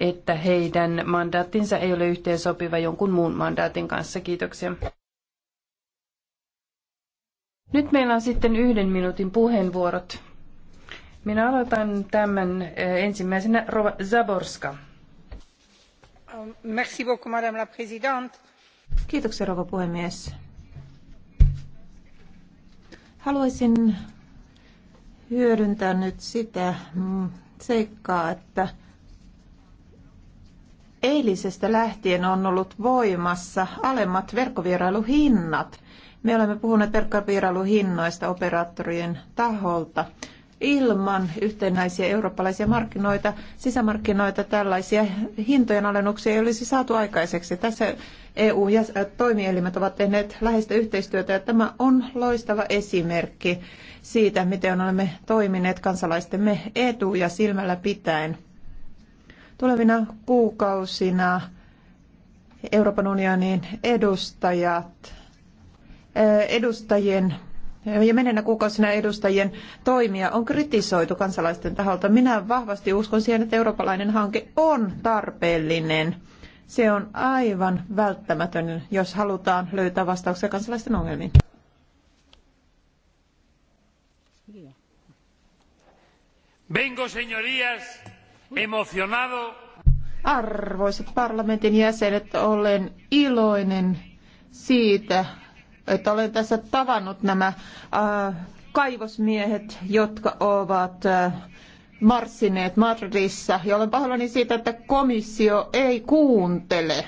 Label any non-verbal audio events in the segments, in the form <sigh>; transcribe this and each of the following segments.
että heidän mandaattinsa ei ole yhteensopiva jonkun muun mandaatin kanssa. Kiitoksia. Nyt meillä on sitten yhden minuutin puheenvuorot. Minä aloitan tämän eh, ensimmäisenä Rova Zaborska. Um, merci beaucoup, madame la présidente. Kiitoksia, rouva puhemies. Haluaisin hyödyntää nyt sitä mm, seikkaa, että eilisestä lähtien on ollut voimassa alemmat verkkovierailuhinnat. Me olemme puhuneet verkkovierailuhinnoista operaattorien taholta. Ilman yhtenäisiä eurooppalaisia markkinoita, sisämarkkinoita, tällaisia hintojen alennuksia ei olisi saatu aikaiseksi. Tässä EU-toimielimet äh, ovat tehneet läheistä yhteistyötä ja tämä on loistava esimerkki siitä, miten olemme toimineet kansalaistemme etuja silmällä pitäen. Tulevina kuukausina Euroopan unionin edustajat, eh, edustajien ja menenä kuukausina edustajien toimia on kritisoitu kansalaisten taholta. Minä vahvasti uskon siihen, että eurooppalainen hanke on tarpeellinen. Se on aivan välttämätön, jos halutaan löytää vastauksia kansalaisten ongelmiin. Vengo, señorías, emocionado. Arvoisat parlamentin jäsenet, olen iloinen siitä, että olen tässä tavannut nämä äh, kaivosmiehet, jotka ovat äh, marssineet Madridissa. Ja olen pahoillani siitä, että komissio ei kuuntele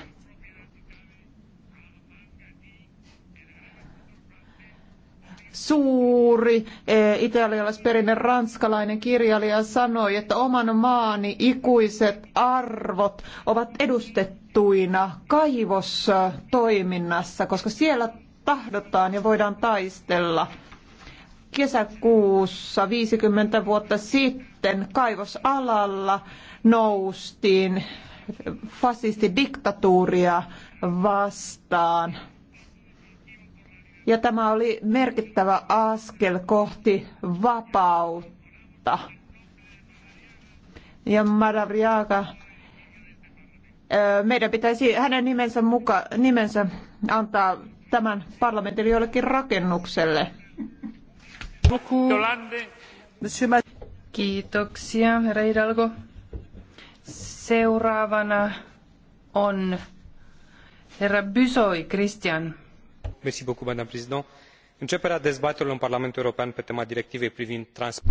suuri e, italialaisperinne ranskalainen kirjailija sanoi, että oman maani ikuiset arvot ovat edustettuina kaivostoiminnassa, koska siellä tahdotaan ja voidaan taistella. Kesäkuussa 50 vuotta sitten kaivosalalla noustiin fasistidiktatuuria vastaan. Ja tämä oli merkittävä askel kohti vapautta. Ja Madavriaga, meidän pitäisi hänen nimensä, muka, nimensä antaa tämän parlamentin jollekin rakennukselle. Kiitoksia, herra Hidalgo. Seuraavana on herra Bysoi Christian începerea dezbaterilor în parlamentul european pe tema directivei privind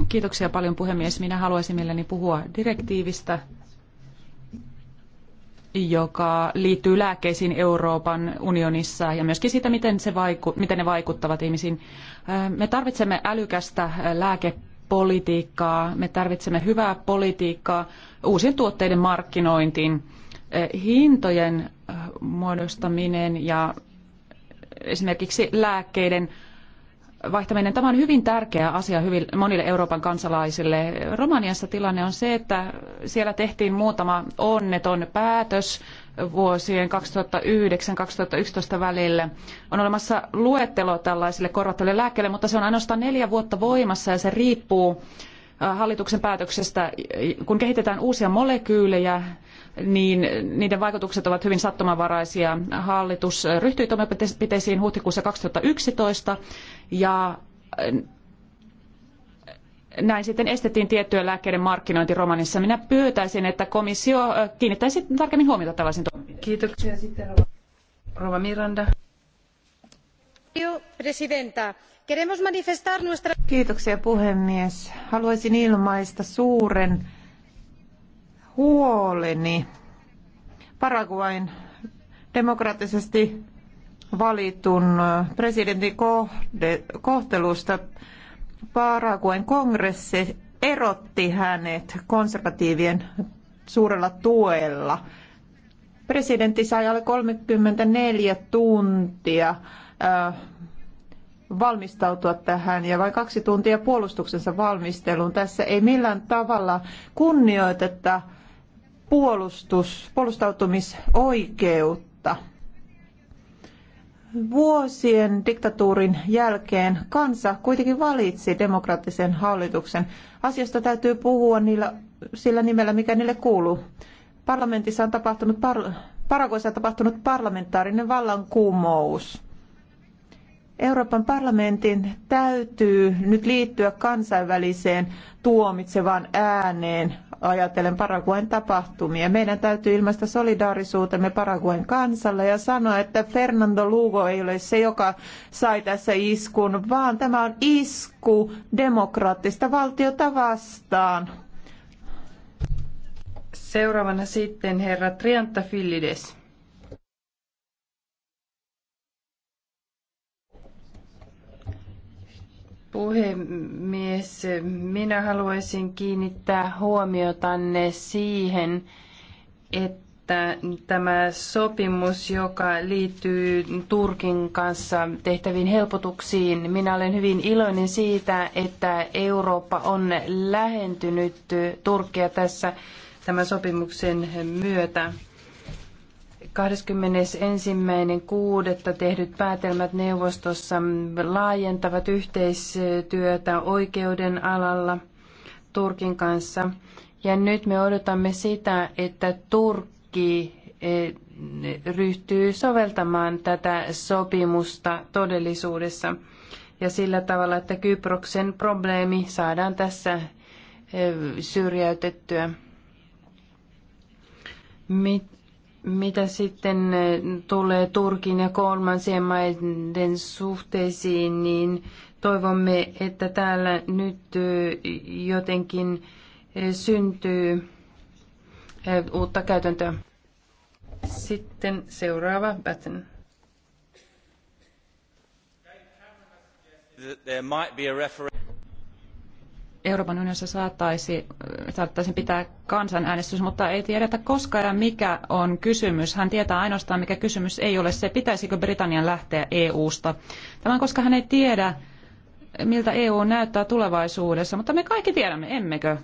Kiitoksia paljon puhemies. Minä haluaisin mielelläni puhua direktiivistä, joka liittyy lääkkeisiin Euroopan unionissa ja myöskin siitä, miten, se vaiku- miten ne vaikuttavat ihmisiin. Äh, me tarvitsemme älykästä lääkepolitiikkaa, me tarvitsemme hyvää politiikkaa uusien tuotteiden markkinointiin äh, hintojen äh, muodostaminen ja esimerkiksi lääkkeiden vaihtaminen. Tämä on hyvin tärkeä asia hyvin monille Euroopan kansalaisille. Romaniassa tilanne on se, että siellä tehtiin muutama onneton päätös vuosien 2009-2011 välillä. On olemassa luettelo tällaisille korvattaville lääkkeille, mutta se on ainoastaan neljä vuotta voimassa ja se riippuu äh, hallituksen päätöksestä. Kun kehitetään uusia molekyylejä, niin niiden vaikutukset ovat hyvin sattumanvaraisia. Hallitus ryhtyi toimenpiteisiin huhtikuussa 2011 ja äh, näin sitten estettiin tiettyjen lääkkeiden markkinointi Romanissa. Minä pyytäisin, että komissio äh, kiinnittäisi tarkemmin huomiota tällaisiin toimenpiteisiin. Kiitoksia. Sitten Rova Miranda. Presidenta. Queremos manifestar nuestra... Kiitoksia puhemies. Haluaisin ilmaista suuren huoleni Paraguain demokraattisesti valitun presidentin kohtelusta. Paraguain kongressi erotti hänet konservatiivien suurella tuella. Presidentti sai alle 34 tuntia valmistautua tähän ja vain kaksi tuntia puolustuksensa valmisteluun. Tässä ei millään tavalla kunnioiteta puolustus, puolustautumisoikeutta. Vuosien diktatuurin jälkeen kansa kuitenkin valitsi demokraattisen hallituksen. Asiasta täytyy puhua niillä, sillä nimellä, mikä niille kuuluu. Parlamentissa on tapahtunut par- Paraguayssa on tapahtunut parlamentaarinen vallankumous. Euroopan parlamentin täytyy nyt liittyä kansainväliseen tuomitsevaan ääneen ajatellen Paraguayn tapahtumia. Meidän täytyy ilmaista solidaarisuutemme Paraguayn kansalle ja sanoa, että Fernando Lugo ei ole se, joka sai tässä iskun, vaan tämä on isku demokraattista valtiota vastaan. Seuraavana sitten herra Trianta Fillides. puhemies. Minä haluaisin kiinnittää huomiotanne siihen, että tämä sopimus, joka liittyy Turkin kanssa tehtäviin helpotuksiin, minä olen hyvin iloinen siitä, että Eurooppa on lähentynyt Turkia tässä tämän sopimuksen myötä. 21.6. tehdyt päätelmät neuvostossa laajentavat yhteistyötä oikeuden alalla Turkin kanssa. Ja nyt me odotamme sitä, että Turkki e, ryhtyy soveltamaan tätä sopimusta todellisuudessa ja sillä tavalla, että Kyproksen probleemi saadaan tässä e, syrjäytettyä. Mit, mitä sitten eh, tulee Turkin ja kolmansien maiden suhteisiin, niin toivomme, että täällä nyt eh, jotenkin eh, syntyy uutta käytäntöä. Sitten seuraava Batten. Euroopan unionissa saattaisi, saattaisi pitää kansanäänestys, mutta ei tiedetä koska ja mikä on kysymys. Hän tietää ainoastaan, mikä kysymys ei ole se, pitäisikö Britannian lähteä EU-sta. Tämän koska hän ei tiedä, miltä EU näyttää tulevaisuudessa, mutta me kaikki tiedämme, emmekö?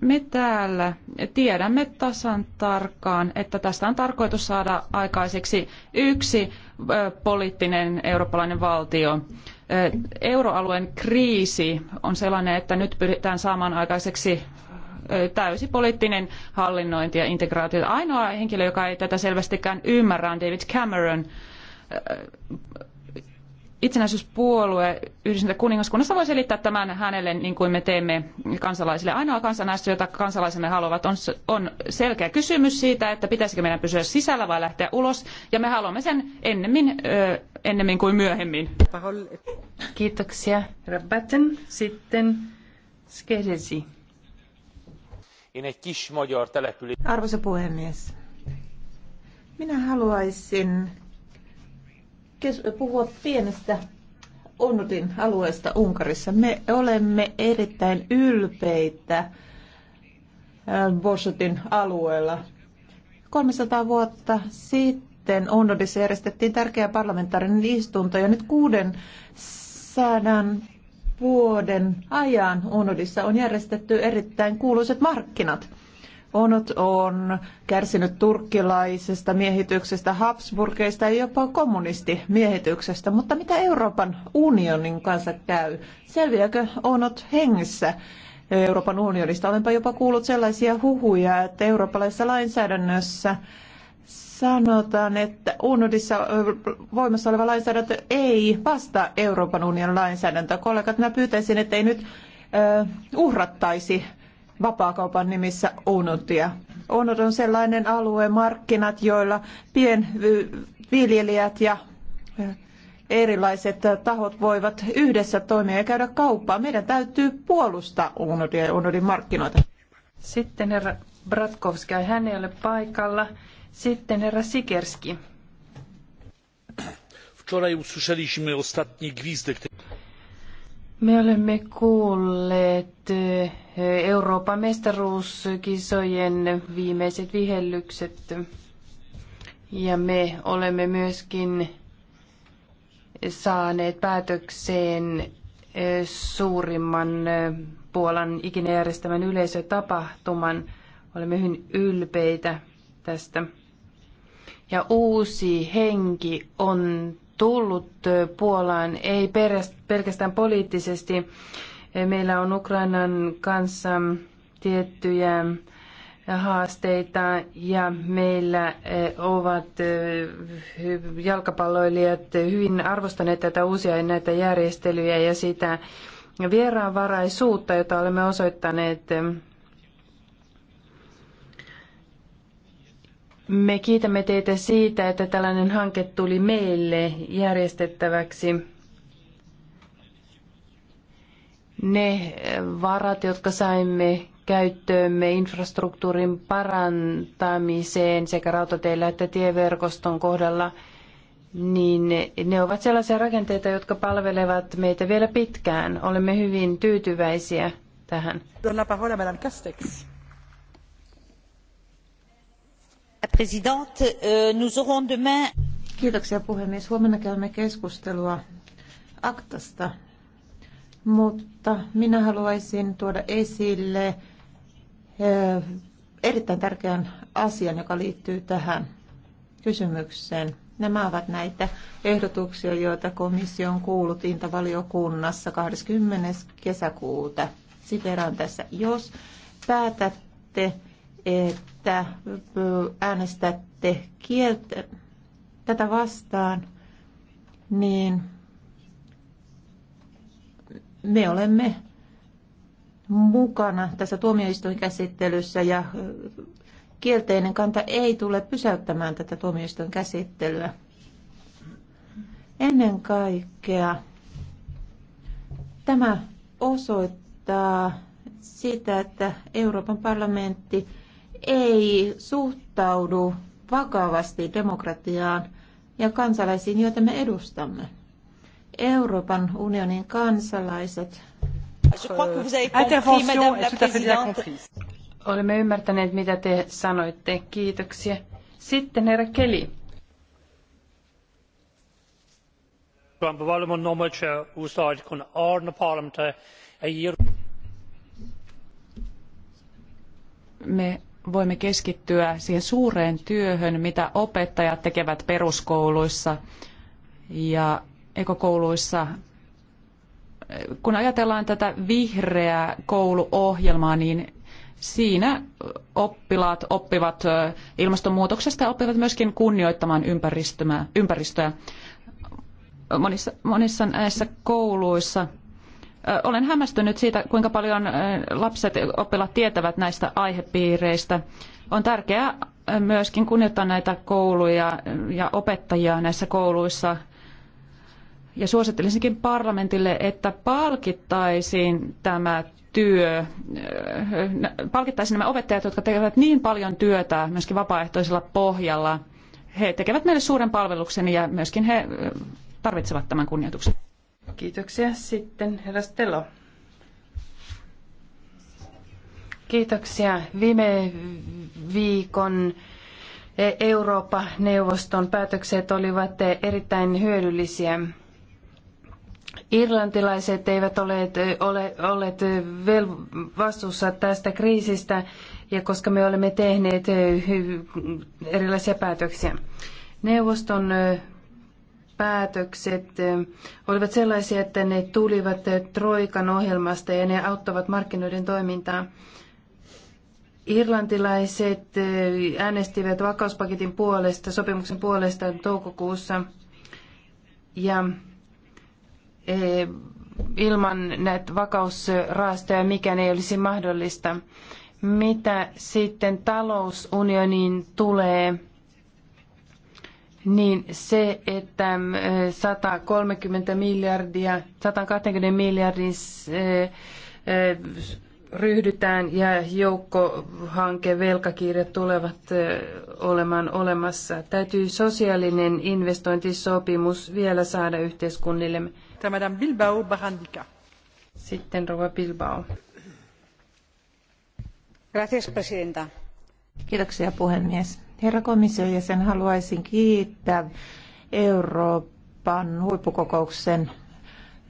me täällä tiedämme tasan tarkkaan, että tästä on tarkoitus saada aikaiseksi yksi poliittinen eurooppalainen valtio. Euroalueen kriisi on sellainen, että nyt pyritään saamaan aikaiseksi täysi poliittinen hallinnointi ja integraatio. Ainoa henkilö, joka ei tätä selvästikään ymmärrä, on David Cameron itsenäisyyspuolue Yhdysvaltain kuningaskunnassa voi selittää tämän hänelle niin kuin me teemme kansalaisille. Ainoa kansanäistö, jota kansalaisemme haluavat, on, on selkeä kysymys siitä, että pitäisikö meidän pysyä sisällä vai lähteä ulos. Ja me haluamme sen ennemmin, ö, ennemmin kuin myöhemmin. Kiitoksia. Rabatten. Sitten Skeresi. Arvoisa puhemies, minä haluaisin puhua pienestä Onnutin alueesta Unkarissa. Me olemme erittäin ylpeitä äh, Bosutin alueella. 300 vuotta sitten Onnudissa järjestettiin tärkeä parlamentaarinen istunto ja nyt kuuden sadan vuoden ajan Onnudissa on järjestetty erittäin kuuluiset markkinat. Onot on kärsinyt turkkilaisesta miehityksestä, Habsburgeista ja jopa kommunistimiehityksestä, mutta mitä Euroopan unionin kanssa käy? Selviääkö Onot hengissä? Euroopan unionista. Olenpa jopa kuullut sellaisia huhuja, että eurooppalaisessa lainsäädännössä sanotaan, että UNODissa voimassa oleva lainsäädäntö ei vastaa Euroopan unionin lainsäädäntöä. Kollegat, mä pyytäisin, että ei nyt uhrattaisi vapaakaupan nimissä UNOTia. UNOT on sellainen alue, markkinat, joilla pienviljelijät ja erilaiset tahot voivat yhdessä toimia ja käydä kauppaa. Meidän täytyy puolustaa UNODia ja UNODin markkinoita. Sitten herra Bratkovski, hän ei ole paikalla. Sitten herra Sikerski. Wczoraj usłyszeliśmy ostatni gwizdek me olemme kuulleet eh, Euroopan mestaruuskisojen viimeiset vihellykset. Ja me olemme myöskin saaneet päätökseen eh, suurimman eh, Puolan ikinä järjestämän yleisötapahtuman. Olemme hyvin ylpeitä tästä. Ja uusi henki on tullut Puolaan, ei pelkästään poliittisesti. Meillä on Ukrainan kanssa tiettyjä haasteita ja meillä ovat jalkapalloilijat hyvin arvostaneet tätä uusia näitä järjestelyjä ja sitä vieraanvaraisuutta, jota olemme osoittaneet Me kiitämme teitä siitä, että tällainen hanke tuli meille järjestettäväksi. Ne varat, jotka saimme käyttöömme infrastruktuurin parantamiseen sekä rautateillä että tieverkoston kohdalla, niin ne ovat sellaisia rakenteita, jotka palvelevat meitä vielä pitkään. Olemme hyvin tyytyväisiä tähän. Donna Pahola, Castex. Euh, Kiitoksia puhemies. Huomenna käymme keskustelua aktasta, mutta minä haluaisin tuoda esille äh, erittäin tärkeän asian, joka liittyy tähän kysymykseen. Nämä ovat näitä ehdotuksia, joita komissio on kuullut Intavaliokunnassa 20. kesäkuuta. Siteraan tässä, jos päätätte, että että äänestätte kieltä tätä vastaan, niin me olemme mukana tässä tuomioistuinkäsittelyssä ja kielteinen kanta ei tule pysäyttämään tätä tuomioistuin käsittelyä. Ennen kaikkea tämä osoittaa sitä, että Euroopan parlamentti ei suhtaudu vakavasti demokratiaan ja kansalaisiin, joita me edustamme. Euroopan unionin kansalaiset. Olemme ymmärtäneet, mitä te sanoitte. Kiitoksia. Sitten herra Keli. Eh, me voimme keskittyä siihen suureen työhön, mitä opettajat tekevät peruskouluissa ja ekokouluissa. Kun ajatellaan tätä vihreää kouluohjelmaa, niin siinä oppilaat oppivat ilmastonmuutoksesta ja oppivat myöskin kunnioittamaan ympäristöä. monissa näissä kouluissa – olen hämmästynyt siitä, kuinka paljon lapset oppilaat tietävät näistä aihepiireistä. On tärkeää myöskin kunnioittaa näitä kouluja ja opettajia näissä kouluissa. Ja suosittelisinkin parlamentille, että palkittaisiin tämä työ, palkittaisiin nämä opettajat, jotka tekevät niin paljon työtä myöskin vapaaehtoisella pohjalla. He tekevät meille suuren palveluksen ja myöskin he tarvitsevat tämän kunnioituksen. Kiitoksia. Sitten herra Stelo. Kiitoksia. Viime viikon e- Eurooppa-neuvoston päätökset olivat erittäin hyödyllisiä. Irlantilaiset eivät ole, ole olleet vastuussa tästä kriisistä, ja koska me olemme tehneet erilaisia päätöksiä. Neuvoston päätökset eh, olivat sellaisia, että ne tulivat eh, Troikan ohjelmasta ja ne auttavat markkinoiden toimintaa. Irlantilaiset eh, äänestivät vakauspaketin puolesta, sopimuksen puolesta toukokuussa. Ja ilman näitä vakausraastoja mikään ei olisi mahdollista. Mitä sitten talousunioniin tulee? niin se, että 130 ähm, miljardia, 120 miljardin äh, äh, ryhdytään ja joukkohanke, velkakirjat tulevat äh, olemaan olemassa. Täytyy sosiaalinen investointisopimus vielä saada yhteiskunnille. Bilbao Barandika. Sitten rouva Bilbao. Gracias, presidenta. Kiitoksia puhemies Herra komission jäsen, haluaisin kiittää Euroopan huippukokouksen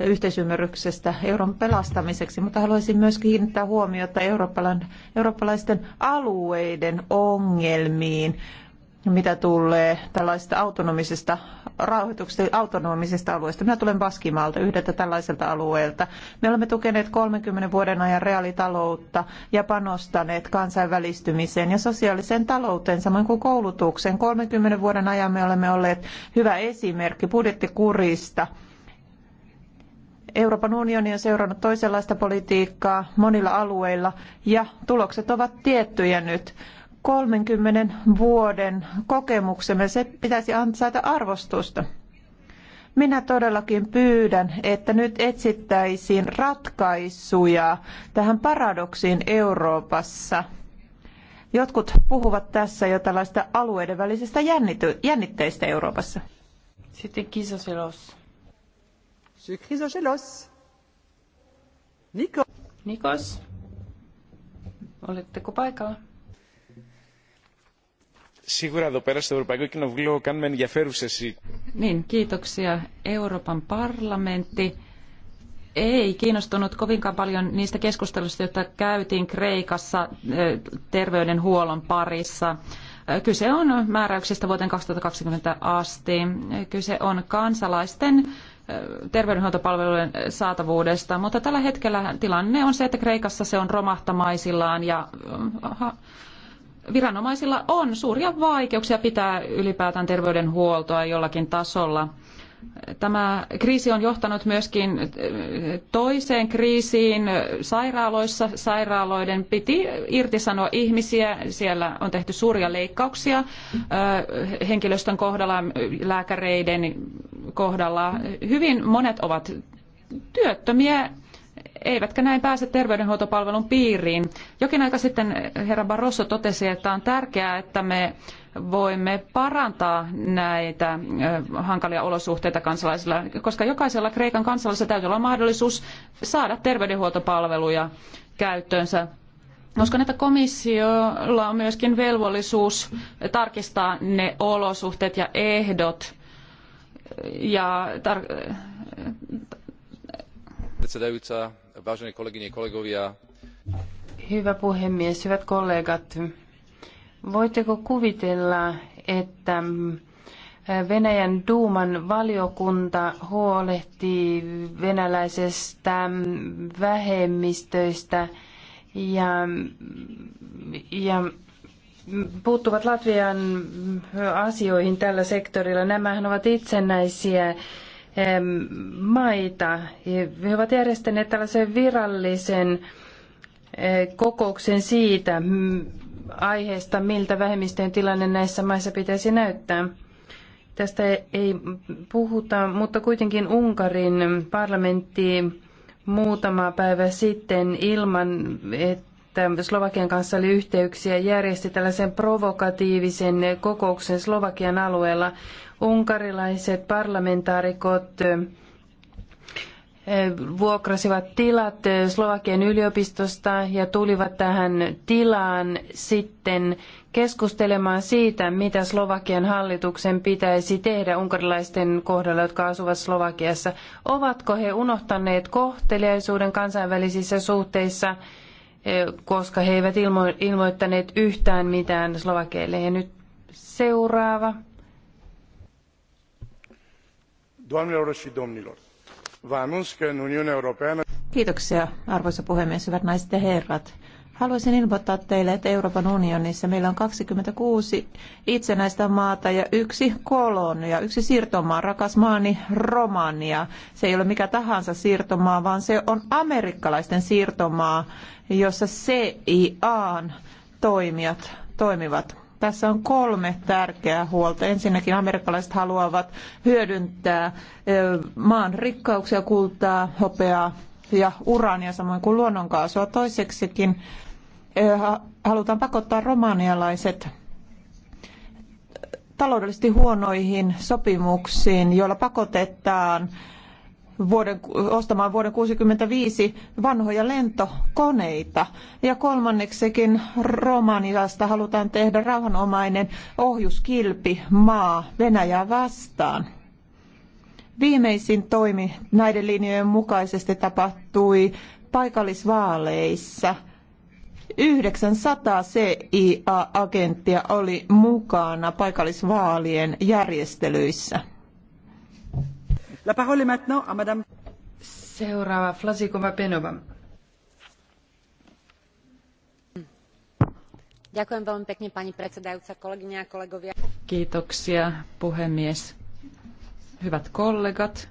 yhteisymmärryksestä euron pelastamiseksi, mutta haluaisin myös kiinnittää huomiota eurooppalaisten alueiden ongelmiin mitä tulee tällaisesta autonomisesta rahoituksesta, autonomisesta alueesta. Minä tulen Baskimaalta, yhdeltä tällaiselta alueelta. Me olemme tukeneet 30 vuoden ajan reaalitaloutta ja panostaneet kansainvälistymiseen ja sosiaaliseen talouteen, samoin kuin koulutukseen. 30 vuoden ajan me olemme olleet hyvä esimerkki budjettikurista. Euroopan unioni on seurannut toisenlaista politiikkaa monilla alueilla ja tulokset ovat tiettyjä nyt. 30 vuoden kokemuksemme, se pitäisi ansaita arvostusta. Minä todellakin pyydän, että nyt etsittäisiin ratkaisuja tähän paradoksiin Euroopassa. Jotkut puhuvat tässä jo tällaista alueiden välisestä jännity- jännitteistä Euroopassa. Sitten Kisoselos. Kisoselos. Nikos. Nikos, oletteko paikalla? Σίγουρα εδώ πέρα στο Ευρωπαϊκό Κοινοβούλιο κάνουμε ενδιαφέρουσε. Niin, kiitoksia. Euroopan parlamentti ei kiinnostunut kovinkaan paljon niistä keskusteluista, joita käytiin Kreikassa terveydenhuollon parissa. Kyse on määräyksistä vuoteen 2020 asti. Kyse on kansalaisten terveydenhuoltopalvelujen saatavuudesta, mutta tällä hetkellä tilanne on se, että Kreikassa se on romahtamaisillaan ja viranomaisilla on suuria vaikeuksia pitää ylipäätään terveydenhuoltoa jollakin tasolla. Tämä kriisi on johtanut myöskin äh, toiseen kriisiin sairaaloissa. Sairaaloiden piti irtisanoa ihmisiä. Siellä on tehty suuria leikkauksia äh, henkilöstön kohdalla, lääkäreiden kohdalla. Hyvin monet ovat työttömiä eivätkä näin pääse terveydenhuoltopalvelun piiriin. Jokin aika sitten herra Barroso totesi, että on tärkeää, että me voimme parantaa näitä hankalia olosuhteita kansalaisilla, koska jokaisella Kreikan kansalaisella täytyy olla mahdollisuus saada terveydenhuoltopalveluja käyttöönsä. Uskon, että komissiolla on myöskin velvollisuus tarkistaa ne olosuhteet ja ehdot ja tar- Hyvä puhemies, hyvät kollegat. Voitteko kuvitella, että mm, Venäjän Duuman valiokunta huolehtii venäläisestä mm, vähemmistöistä ja, mm, ja puuttuvat Latvian asioihin tällä sektorilla. Nämähän ovat itsenäisiä maita. He ovat järjestäneet tällaisen virallisen eh, kokouksen siitä aiheesta, miltä vähemmistöjen tilanne näissä maissa pitäisi näyttää. Tästä ei puhuta, mutta kuitenkin Unkarin parlamentti muutama päivä sitten ilman, että Slovakian kanssa oli yhteyksiä, järjesti tällaisen provokatiivisen kokouksen Slovakian alueella. Unkarilaiset parlamentaarikot vuokrasivat tilat Slovakian yliopistosta ja tulivat tähän tilaan sitten keskustelemaan siitä, mitä Slovakian hallituksen pitäisi tehdä unkarilaisten kohdalla, jotka asuvat Slovakiassa. Ovatko he unohtaneet kohteliaisuuden kansainvälisissä suhteissa? Eh, koska he eivät ilmo- ilmoittaneet yhtään mitään slovakeille. Ja nyt seuraava. Kiitoksia, arvoisa puhemies, hyvät naiset ja herrat. Haluaisin ilmoittaa teille, että Euroopan unionissa meillä on 26 itsenäistä maata ja yksi kolonia, yksi siirtomaa, rakas maani Romania. Se ei ole mikä tahansa siirtomaa, vaan se on amerikkalaisten siirtomaa, jossa CIAn toimijat toimivat. Tässä on kolme tärkeää huolta. Ensinnäkin amerikkalaiset haluavat hyödyntää maan rikkauksia, kultaa, hopeaa, ja uraania samoin kuin luonnonkaasua. Toiseksikin halutaan pakottaa romanialaiset taloudellisesti huonoihin sopimuksiin, joilla pakotetaan vuoden, ostamaan vuoden 1965 vanhoja lentokoneita. Ja kolmanneksikin Romaniasta halutaan tehdä rauhanomainen ohjuskilpi maa Venäjää vastaan. Viimeisin toimi näiden linjojen mukaisesti tapahtui paikallisvaaleissa. 900 CIA-agenttia oli mukana paikallisvaalien järjestelyissä. La parole maintenant à madame... Seuraava Flasikova Penova. Ďakujem veľmi pekne, pani predsedajúca, kolegyne a kolegovia. Kiitoksia, puhemies. Hyvät kollegat,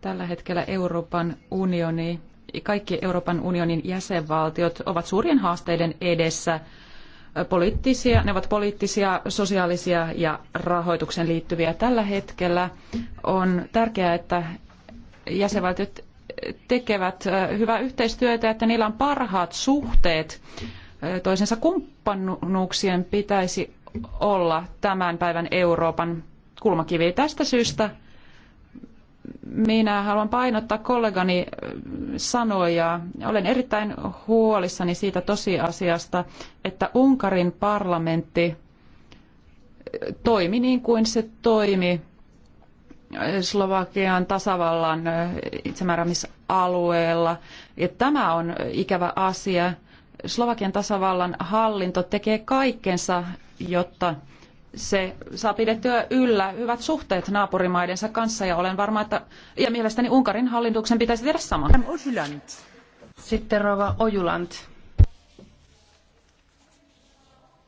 tällä hetkellä Euroopan unioni, ja kaikki Euroopan unionin jäsenvaltiot ovat suurien haasteiden edessä. Poliittisia, ne ovat poliittisia, sosiaalisia ja rahoituksen liittyviä. Tällä hetkellä on tärkeää, että jäsenvaltiot tekevät hyvää yhteistyötä, että niillä on parhaat suhteet toisensa kumppanuuksien pitäisi olla tämän päivän Euroopan kulmakivi. Tästä syystä minä haluan painottaa kollegani äh, sanoja. Olen erittäin huolissani siitä tosiasiasta, että Unkarin parlamentti äh, toimi niin kuin se toimi äh, Slovakian tasavallan itsemääräämisalueella. Ja tämä on ikävä asia. Slovakian tasavallan hallinto tekee kaikkensa, jotta se saa pidettyä yllä hyvät suhteet naapurimaidensa kanssa ja olen varma, että ja mielestäni Unkarin hallituksen pitäisi tehdä sama. Sitten Rova Ojuland.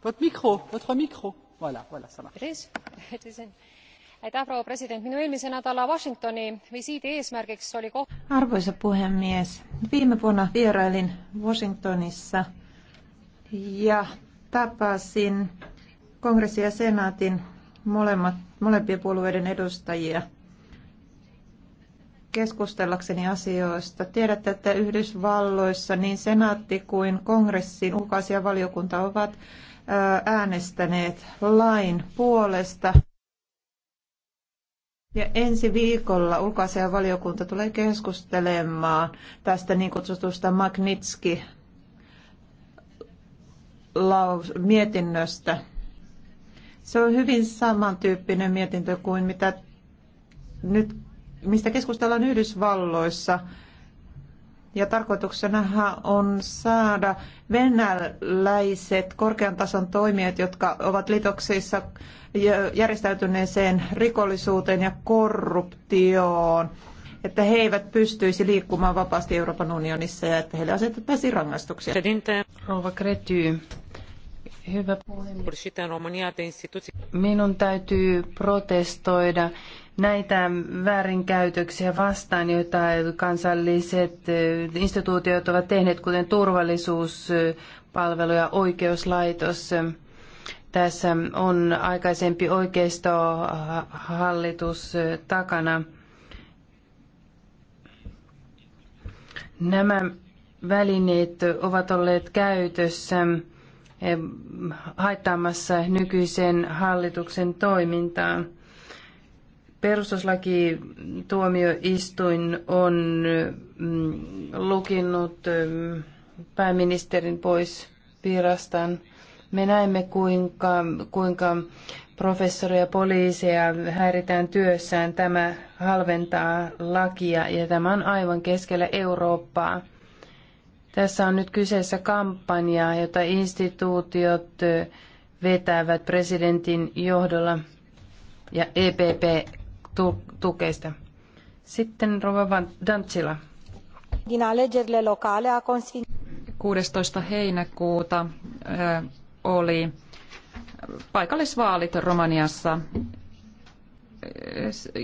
Votre micro, votre micro. Voilà, voilà, ça va. <laughs> Aitäh, proua president. Minun eelmise nädala Washingtoni visiidi eesmärgiks oli koht... Arvoisa puhemies, viime vuonna vierailin Washingtonissa ja tapasin kongressi ja senaatin molemmat, molempien puolueiden edustajia keskustellakseni asioista. Tiedätte, että Yhdysvalloissa niin senaatti kuin kongressin ulkoasia valiokunta ovat äänestäneet lain puolesta. Ja ensi viikolla ulkoasia valiokunta tulee keskustelemaan tästä niin kutsutusta Magnitski mietinnöstä. Se on hyvin samantyyppinen mietintö kuin mitä nyt, mistä keskustellaan Yhdysvalloissa. Ja tarkoituksena on saada venäläiset korkean tason toimijat, jotka ovat litoksissa järjestäytyneeseen rikollisuuteen ja korruptioon, että he eivät pystyisi liikkumaan vapaasti Euroopan unionissa ja että heille asetettaisiin rangaistuksia. Rouva Hyvä puhemies. Minun täytyy protestoida näitä väärinkäytöksiä vastaan, joita kansalliset e, instituutiot ovat tehneet, kuten turvallisuuspalvelu e, ja oikeuslaitos. Tässä on aikaisempi oikeistohallitus e, takana. Nämä välineet ovat olleet käytössä haittaamassa nykyisen hallituksen toimintaa. Perustuslaki tuomioistuin on mm, lukinnut pääministerin pois virastaan. Me näemme, kuinka, kuinka professoria ja poliiseja häiritään työssään. Tämä halventaa lakia ja tämä on aivan keskellä Eurooppaa. Tässä on nyt kyseessä kampanja, jota instituutiot vetävät presidentin johdolla ja EPP tukeista. Sitten Rova Dantsila. Din 16. heinäkuuta oli paikallisvaalit Romaniassa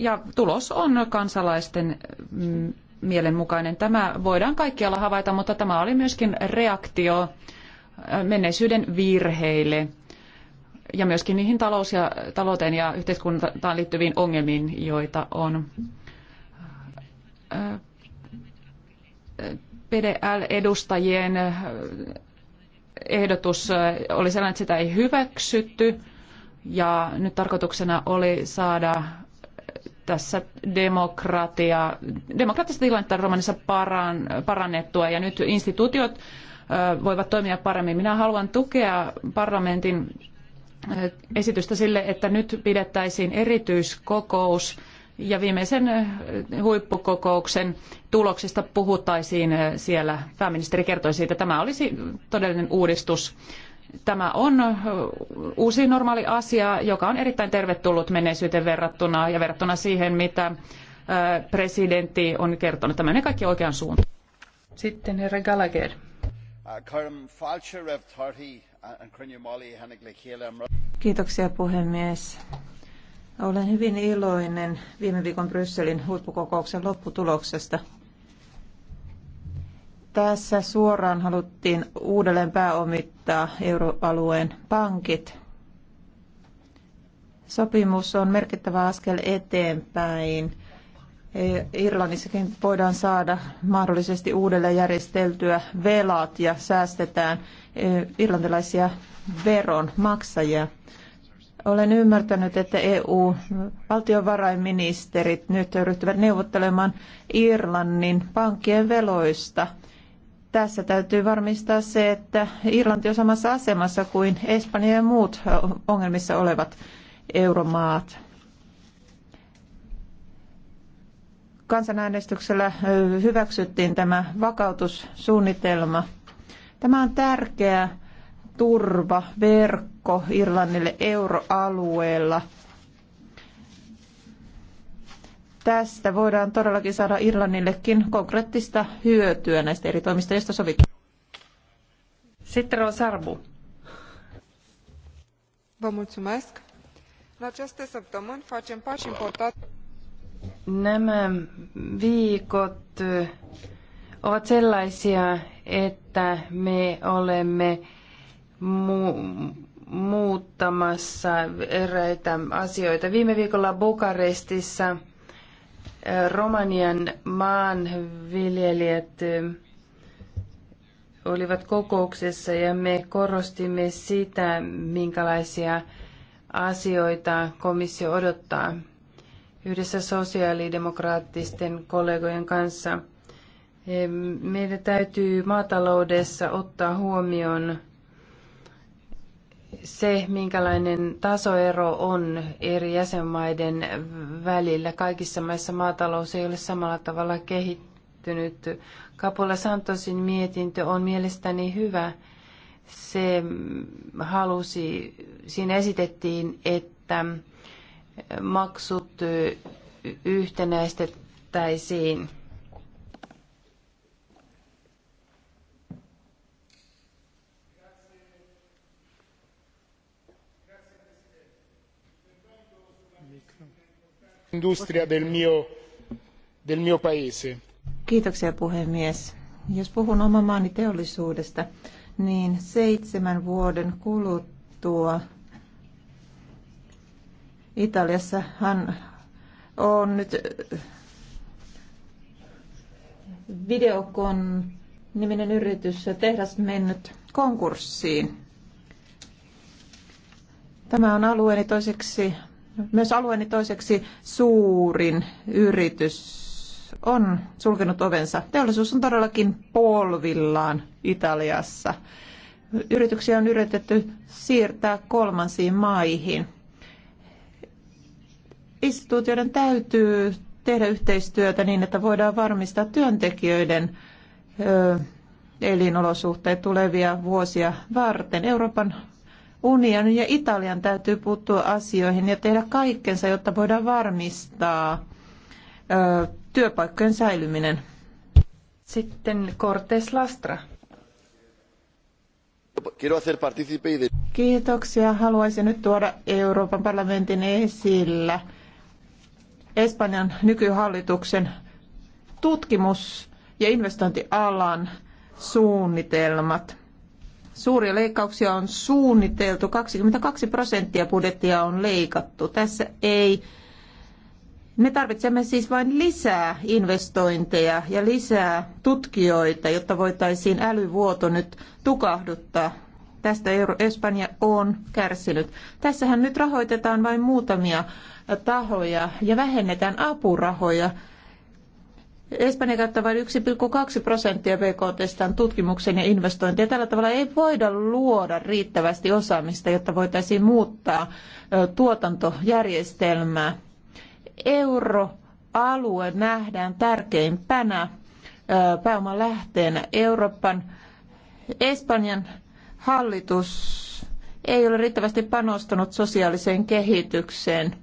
ja tulos on kansalaisten mm, mielenmukainen. Tämä voidaan kaikkialla havaita, mutta tämä oli myöskin reaktio äh, menneisyyden virheille ja myöskin niihin talous- ja, talouteen ja yhteiskuntaan liittyviin ongelmiin, joita on. Äh, äh, PDL-edustajien ehdotus oli sellainen, että sitä ei hyväksytty ja nyt tarkoituksena oli saada tässä demokratia, demokraattista tilannetta Romanissa paran, parannettua ja nyt instituutiot voivat toimia paremmin. Minä haluan tukea parlamentin esitystä sille, että nyt pidettäisiin erityiskokous ja viimeisen huippukokouksen tuloksista puhuttaisiin siellä. Pääministeri kertoi siitä, että tämä olisi todellinen uudistus. Tämä on uusi normaali asia, joka on erittäin tervetullut menneisyyteen verrattuna ja verrattuna siihen, mitä presidentti on kertonut. Tämä menee kaikki oikeaan suuntaan. Sitten herra Gallagher. Uh, uh, Kiitoksia puhemies. Olen hyvin iloinen viime viikon Brysselin huippukokouksen lopputuloksesta. Tässä suoraan haluttiin uudelleen pääomittaa euroalueen pankit. Sopimus on merkittävä askel eteenpäin. E, Irlannissakin voidaan saada mahdollisesti uudelleen järjesteltyä velat ja säästetään e, irlantilaisia veronmaksajia. Olen ymmärtänyt, että EU-valtiovarainministerit nyt ryhtyvät neuvottelemaan Irlannin pankkien veloista – tässä täytyy varmistaa se, että Irlanti on samassa asemassa kuin Espanja ja muut ongelmissa olevat euromaat. Kansanäänestyksellä hyväksyttiin tämä vakautussuunnitelma. Tämä on tärkeä turvaverkko Irlannille euroalueella – tästä voidaan todellakin saada Irlannillekin konkreettista hyötyä näistä eri toimista, joista sovittiin. Sitten on Sarbu. Vă mulțumesc. În aceste săptămâni facem pași Nämä viikot ovat sellaisia, että me olemme mu- muuttamassa eräitä asioita. Viime viikolla Bukarestissa Romanian maanviljelijät eh, olivat kokouksessa ja me korostimme sitä, minkälaisia asioita komissio odottaa yhdessä sosiaalidemokraattisten kollegojen kanssa. Eh, meidän täytyy maataloudessa ottaa huomioon se, minkälainen tasoero on eri jäsenmaiden välillä. Kaikissa maissa maatalous ei ole samalla tavalla kehittynyt. Kapula Santosin mietintö on mielestäni hyvä. Se halusi, siinä esitettiin, että maksut yhtenäistettäisiin. industria del mio, del mio paese. Kiitoksia puhemies. Jos puhun oman maani teollisuudesta, niin seitsemän vuoden kuluttua Italiassahan on nyt eh, videokon niminen yritys ja tehdas mennyt konkurssiin. Tämä on alueeni toiseksi myös alueeni toiseksi suurin yritys on sulkenut ovensa. Teollisuus on todellakin polvillaan Italiassa. Yrityksiä on yritetty siirtää kolmansiin maihin. Instituutioiden täytyy tehdä yhteistyötä niin, että voidaan varmistaa työntekijöiden elinolosuhteet tulevia vuosia varten. Euroopan unionin ja Italian täytyy puuttua asioihin ja tehdä kaikkensa, jotta voidaan varmistaa työpaikkojen säilyminen. Sitten Cortes Lastra. Kiitoksia. Haluaisin nyt tuoda Euroopan parlamentin esillä Espanjan nykyhallituksen tutkimus- ja investointialan suunnitelmat. Suuria leikkauksia on suunniteltu, 22 prosenttia budjettia on leikattu. Tässä ei me tarvitsemme siis vain lisää investointeja ja lisää tutkijoita, jotta voitaisiin älyvuoto nyt tukahduttaa. Tästä Espanja on kärsinyt. Tässähän nyt rahoitetaan vain muutamia tahoja ja vähennetään apurahoja Espanja käyttää vain 1,2 prosenttia BKT tutkimuksen ja investointia. Tällä tavalla ei voida luoda riittävästi osaamista, jotta voitaisiin muuttaa tuotantojärjestelmää. Euroalue nähdään tärkeimpänä pääoman lähteenä Euroopan. Espanjan hallitus ei ole riittävästi panostanut sosiaaliseen kehitykseen.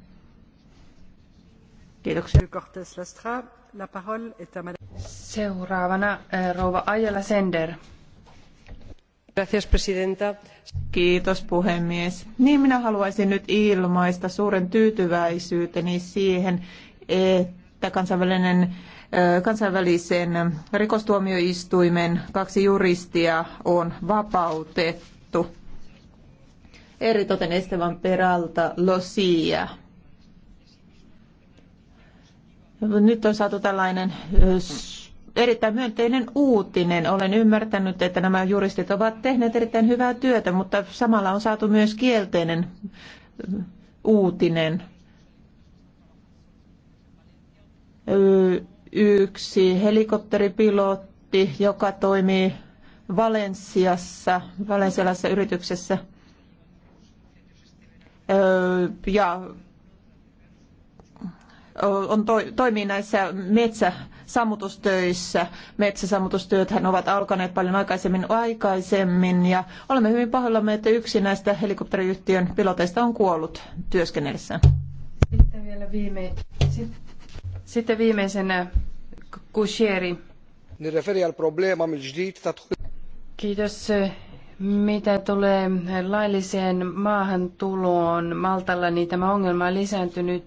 Kiitoksia. Seuraavana eh, rouva Ajala Sender. Gracias, presidenta. Kiitos puhemies. Niin minä haluaisin nyt ilmaista suuren tyytyväisyyteni siihen, että kansainvälinen eh, kansainvälisen rikostuomioistuimen kaksi juristia on vapautettu. Eritoten Estevan Peralta Losia nyt on saatu tällainen erittäin myönteinen uutinen. Olen ymmärtänyt, että nämä juristit ovat tehneet erittäin hyvää työtä, mutta samalla on saatu myös kielteinen uutinen. Yksi helikopteripilotti, joka toimii Valensiassa, valensialaisessa yrityksessä. Ja on, toimii näissä metsäsammutustöissä. Metsäsammutustyöthän ovat alkaneet paljon aikaisemmin aikaisemmin ja olemme hyvin pahoillamme, että yksi näistä helikopteriyhtiön piloteista on kuollut työskennellessään. Sitten vielä viime... Sitten viimeisenä äh, Kushieri. Kiitos. Äh, mitä tulee lailliseen maahantuloon Maltalla, niin tämä ongelma on lisääntynyt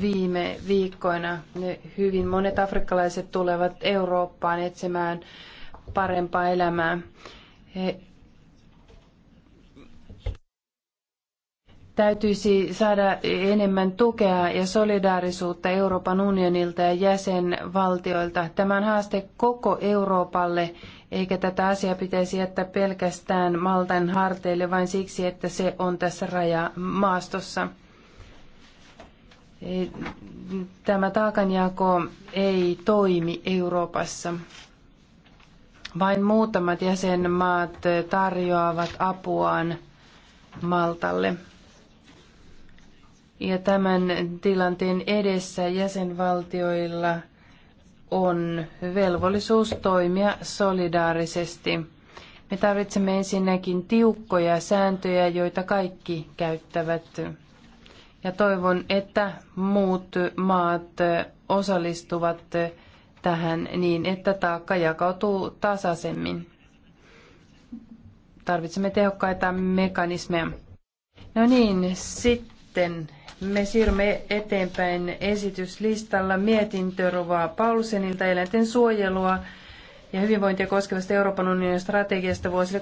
viime viikkoina. Hyvin monet afrikkalaiset tulevat Eurooppaan etsimään parempaa elämää. He täytyisi saada enemmän tukea ja solidaarisuutta Euroopan unionilta ja jäsenvaltioilta. Tämä on haaste koko Euroopalle eikä tätä asiaa pitäisi jättää pelkästään Maltan harteille vain siksi, että se on tässä rajamaastossa. Tämä taakanjako ei toimi Euroopassa. Vain muutamat jäsenmaat tarjoavat apuaan Maltalle. Ja tämän tilanteen edessä jäsenvaltioilla – on velvollisuus toimia solidaarisesti. Me tarvitsemme ensinnäkin tiukkoja sääntöjä, joita kaikki käyttävät. Ja toivon, että muut maat osallistuvat tähän niin, että taakka jakautuu tasaisemmin. Tarvitsemme tehokkaita mekanismeja. No niin, sitten me siirrymme eteenpäin esityslistalla mietintörovaa Paulsenilta eläinten suojelua ja hyvinvointia koskevasta Euroopan unionin strategiasta vuosille